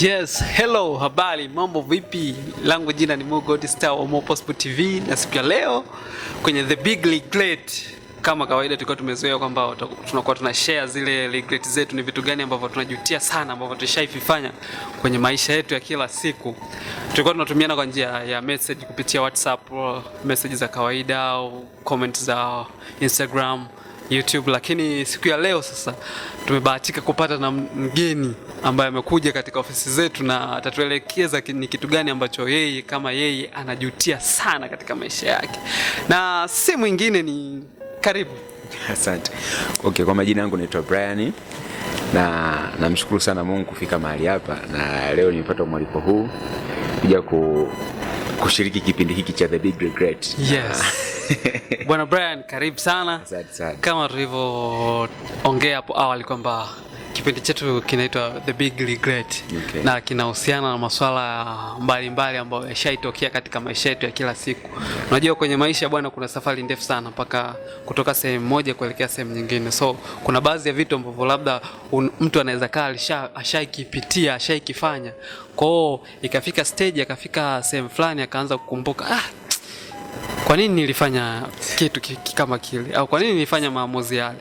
Yes, hello, habari, mambo vipi? Langu jina ni Mo Star wa Mo TV na siku ya leo kwenye the big regret, kama kawaida tulikuwa tumezoea kwamba tunakuwa tuna share zile regret zetu, ni vitu gani ambavyo tunajutia sana ambavyo tushaifanya kwenye maisha yetu ya kila siku. Tulikuwa tunatumiana kwa njia ya message kupitia WhatsApp, message za kawaida au comment za Instagram YouTube, lakini siku ya leo sasa tumebahatika kupata na mgeni ambaye amekuja katika ofisi zetu na atatuelekeza ni kitu gani ambacho yeye kama yeye anajutia sana katika maisha yake, na si mwingine ni karibu. Asante. Okay, kwa majina yangu naitwa Brian na namshukuru sana Mungu kufika mahali hapa, na leo nimepata mwaliko huu kuja ku kushiriki kipindi hiki cha The Big Regret. Yes. Bwana Brian, karibu sana. Asante sana. Kama tulivyoongea hapo awali kwamba kipindi chetu kinaitwa The Big Regret okay. na kinahusiana na maswala mbalimbali ambayo yashaitokea katika maisha yetu ya kila siku. Unajua, kwenye maisha bwana, kuna safari ndefu sana mpaka kutoka sehemu moja kuelekea sehemu nyingine, so kuna baadhi ya vitu ambavyo labda un, mtu anaweza kaa ashaikipitia ashaikifanya kwao, ikafika stage akafika sehemu fulani akaanza kukumbuka ah, kwa nini nilifanya kitu kama kile, au kwa nini nilifanya maamuzi yale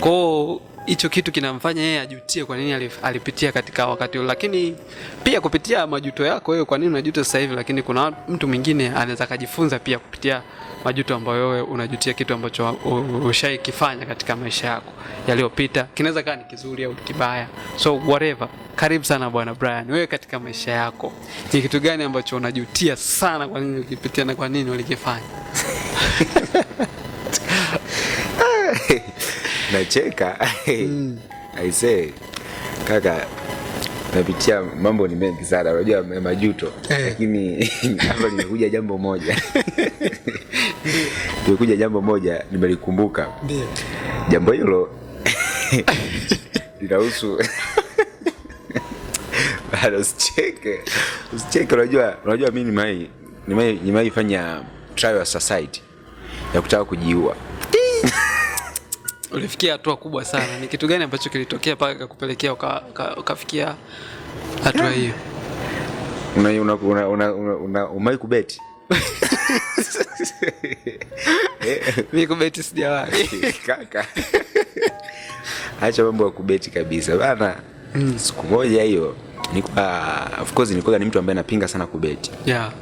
kwao hicho kitu kinamfanya yeye ajutie kwa nini alipitia katika wakati huo. Lakini pia kupitia majuto yako wewe, kwa nini unajuta sasa hivi, lakini kuna mtu mwingine anaweza akajifunza pia kupitia majuto ambayo wewe unajutia kitu ambacho ushaikifanya katika maisha yako yaliyopita. Kinaweza kaa ni kizuri au kibaya, so whatever. Karibu sana bwana Brian, wewe katika maisha yako ni kitu gani ambacho unajutia sana, kwa nini ulikipitia na kwa nini ulikifanya? nacheka mm. kaka napitia mambo ni mengi sana, unajua majuto hey. Eh. Lakini hapa nimekuja jambo moja nimekuja jambo moja nimelikumbuka. jambo hilo linahusu bado, usicheke usicheke. Unajua, unajua mimi nimai nimai fanya trial society ya kutaka kujiua ulifikia hatua kubwa sana. Ni kitu gani ambacho kilitokea mpaka kakupelekea ukafikia hatua eh. hiyo? Umai kubeti? Mi kubeti sijawahi kaka. Acha mambo ya kubeti kabisa bana. Mm. Siku moja hiyo nilikuwa, of course, nilikuwa ni mtu ambaye napinga sana kubeti. Yeah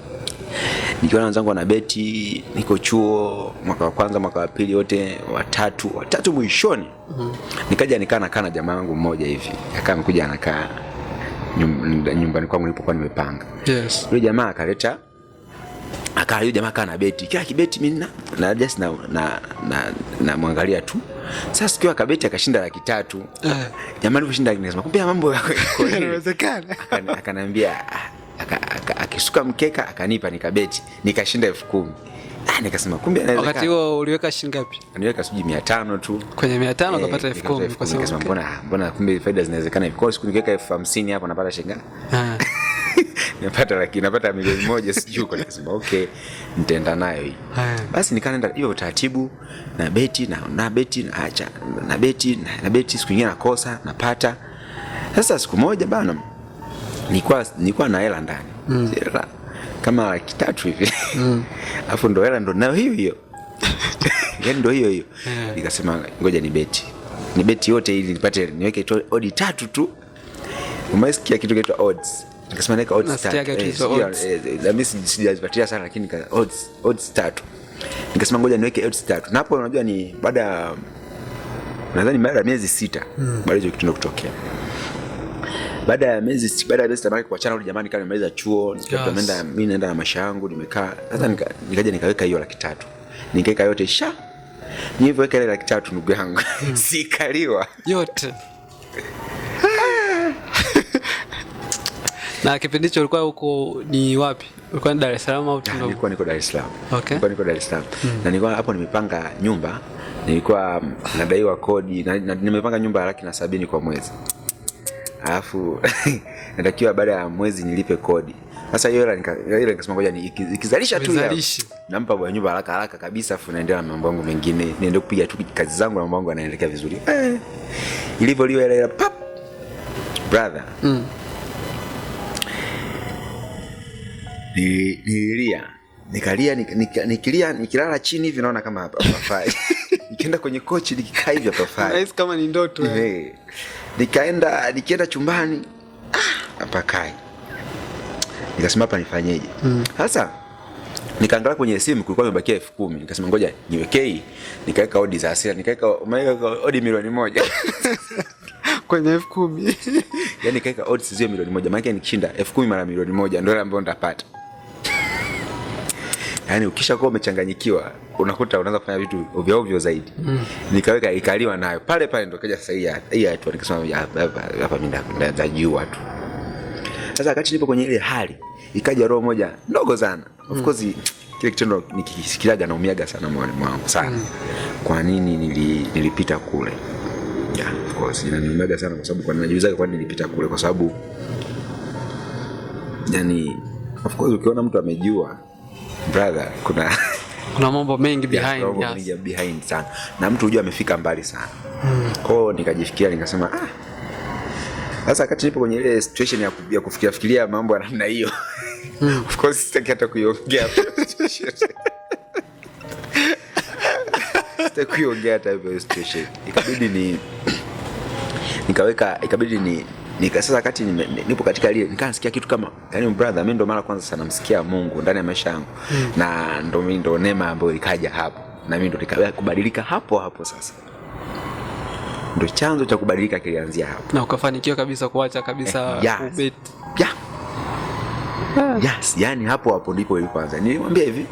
nikiwa na wenzangu beti, niko chuo mwaka wa kwanza, mwaka wa pili, wote watatu watatu mwishoni. mm -hmm. Nikaja nikaa nakaa na jamaa wangu mmoja hivi, akawa amekuja anakaa nyumbani kwangu nilipokuwa nimepanga. Yes. Yule jamaa akaleta akaa yule jamaa akaa na beti. Kila kibeti mimi na na just na na na, na mwangalia tu. Sasa sikio akabeti akashinda laki tatu. Eh. Jamaa alivyoshinda nikasema kumbe mambo yako yanawezekana. Akaniambia aka, aka, akisuka mkeka akanipa, nikabeti nikashinda elfu kumi. Ah, nikasema kumbe anaweza. Wakati huo uliweka shilingi ngapi? Niweka sijui 500 tu. Kwenye 500 ukapata 10,000 kwa sababu nikasema mbona mbona kumbe faida zinawezekana hivi. Kwa siku nikiweka 50,000 hapo napata shilingi ngapi? Ah. Napata laki, napata milioni moja sijui kwa nikasema okay, nitaenda nayo hii. Basi nikaenda hiyo utaratibu na beti na na beti na acha na beti na, na beti siku nyingine nakosa napata. Sasa siku moja bana nilikuwa nilikuwa na hela ndani mm. Sila, kama laki tatu hivi mm. Afu ndo hela ndo nayo hiyo hiyo yani ndo hiyo hiyo nikasema yeah. ngoja ni beti ni beti yote ili nipate niweke tu odi tatu tu. Umesikia kitu kinaitwa odds? Nikasema naika odds tatu. Eh, eh, eh, na mimi sijazipatia sana lakini odds odds tatu. Nikasema ngoja niweke odds tatu. Na hapo unajua ni baada nadhani baada ya miezi sita mm. baada hiyo kitendo kutokea baada ya miezi baada ya miezi tabaki kuachana yule jamani, kama nimemaliza chuo nikaenda yes. Mimi naenda na maisha yangu nimekaa sasa, mm. nikaja nikaweka hiyo laki tatu nikaweka yote sha nilivyoweka ile laki tatu ndugu yangu mm. sikaliwa yote na kipindi hicho ulikuwa huko ni wapi? Ulikuwa ni Dar es Salaam au Tanga? Nilikuwa niko Dar es Salaam. Okay. Nilikuwa niko Dar es Salaam. Mm. Na nilikuwa hapo nimepanga nyumba, nilikuwa nadaiwa kodi na, na, nimepanga nyumba ya laki na sabini kwa mwezi alafu natakiwa baada ya mwezi nilipe kodi. Sasa hiyo ile nikasema ngoja ni ikizalisha tu ya nampa bwana nyumba haraka haraka kabisa, afu naendelea na mambo yangu mengine, niende kupiga tu kazi zangu na mambo yangu yanaendelea vizuri eh. Ilivyo liwe ile ile pap brother mm. Ni Nililia nikalia nikilia nikilia nikilala chini hivi naona kama hapa pafai nikienda kwenye kochi nikikaa hivi hapa nice kama ni ndoto eh nikaenda nikienda chumbani ah, hapa nikasema hapa nifanyeje mm. sasa mm. Nikaangalia kwenye simu kulikuwa imebakia elfu kumi nikasema ngoja niwekei, nikaweka odi za asira, nikaweka odi milioni moja kwenye elfu kumi yani nikaweka odi sizio milioni moja maana nikishinda elfu kumi mara milioni moja ndio ile ambayo ndapata Yani ukishakuwa umechanganyikiwa unakuta unaanza kufanya vitu ovyo ovyo zaidi mm. Nikaweka ikaliwa nayo pale pale, ndo kaja sasa hii hii hatua nikasema hapa hapa mimi najua tu. Sasa wakati nipo kwenye ile hali ikaja roho moja ndogo sana of mm. course Kile kitendo na umiaga sana moyoni mwangu sana mm. Kwa nini nili, nilipita kule yeah, of course inaniumiaga sana kwa sababu kwa nini najiuliza kwa nini nilipita kule kwa sababu yani of course ukiona mtu amejua brother kuna kuna mambo mengi behind, yes, yes. Mengi behind sana na mtu hujua amefika mbali sana mm. Kwao nikajifikiria nikasema ah, sasa wakati nipo kwenye ile situation ya kufikiria kufikia fikiria mambo ya namna hiyo mm. Of course sitaki hata kuiongea sitaki kuiongea hata hiyo situation, ikabidi ni nikaweka ikabidi ni Nika sasa kati nipo katika ile nikaa nasikia kitu kama yani, brother, mimi ndo mara kwanza sana namsikia Mungu ndani ya maisha yangu mm. na ndo mimi ndo neema ambayo ikaja hapo na mimi ndo nikaweza kubadilika hapo hapo. Sasa ndo chanzo cha kubadilika kilianzia hapo, na ukafanikiwa kabisa kuacha kabisa eh, yes. ubeti yeah. Ah. Yes, yani hapo hapo ndipo ilipoanza. Nilimwambia hivi,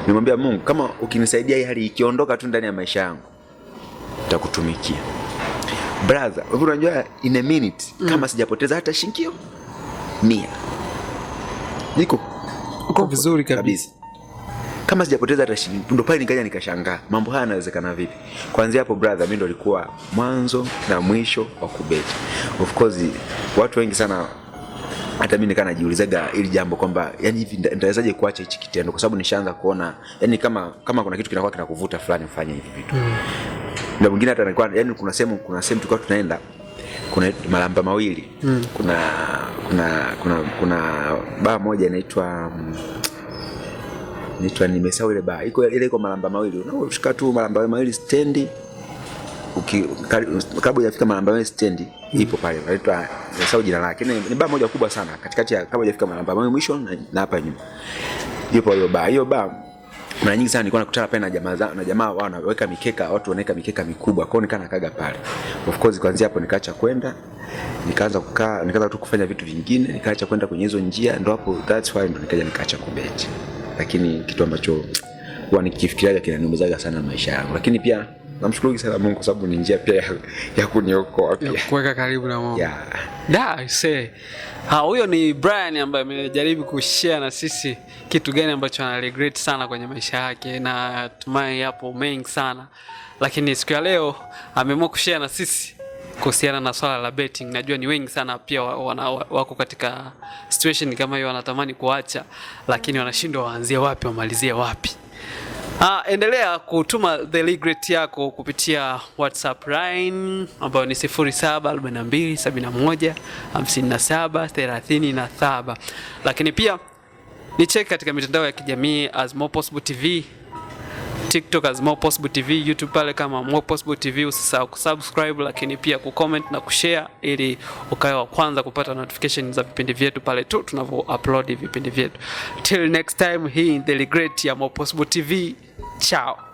nilimwambia Mungu, kama ukinisaidia hii hali ikiondoka tu ndani ya maisha yangu, nitakutumikia brother, wewe unajua in a minute mm. kama sijapoteza hata shingio mia niko uko vizuri kabisa, kama sijapoteza hata shilingi. Ndo pale nikaja nikashangaa mambo haya yanawezekana vipi? Kuanzia hapo brother, mimi ndo nilikuwa mwanzo na mwisho wa kubeti. Of course watu wengi sana hata mimi nikaa najiulizaga ili jambo kwamba yani hivi nitawezaje kuacha hichi kitendo, kwa sababu nishaanza kuona yani kama kama kuna kitu kinakuwa kinakuvuta fulani mfanye hivi vitu mm na mwingine hata anakuwa yani, kuna sehemu kuna sehemu tulikuwa tunaenda kuna malamba mawili mm. kuna kuna kuna kuna baa moja inaitwa inaitwa nimesahau ile baa iko ile iko malamba mawili unashika tu malamba mawili stendi kabla hujafika malamba mawili stendi mm. ipo pale inaitwa nimesahau jina lake ni baa moja kubwa sana katikati ya kabla hujafika malamba mawili mwisho na hapa nyuma ipo hiyo baa hiyo baa mara nyingi sana nilikuwa nakutana pale na jamaa za na jamaa wao wanaweka mikeka, watu wanaweka mikeka mikubwa. kwao nikaa nakaga pale. Of course kuanzia hapo nikaacha kwenda, nikaanza kukaa, nikaanza tu kufanya vitu vingine, nikaacha kwenda kwenye hizo njia, ndo hapo that's why ndo nikaja nikaacha kubeti. Lakini kitu ambacho huwa nikifikiria kinaniumizaga sana maisha yangu. Lakini pia namshukuru sana Mungu kwa sababu ni njia pia ya, ya kuniokoa pia kuweka karibu na Mungu yeah. Da, I say. Ha, huyo ni Brian ambaye amejaribu kushare na sisi kitu gani ambacho ana regret sana kwenye maisha yake, na tumai yapo mengi sana lakini siku ya leo ameamua kushare na sisi kuhusiana na swala la betting. Najua ni wengi sana pia wana, wako katika situation kama hiyo, wanatamani kuacha lakini wanashindwa waanzie wapi wamalizie wapi. Uh, endelea kutuma the regret yako kupitia WhatsApp line ambayo ni 0742715737, lakini pia ni cheki katika mitandao ya kijamii as More Possible TV TikTok as More Possible TV, YouTube pale kama More Possible TV. Usisahau kusubscribe, lakini pia kucomment na kushare ili ukae wa kwanza kupata notification za vipindi vyetu pale tu tunavyo upload vipindi vyetu. Till next time, hii the great ya More Possible TV. Ciao.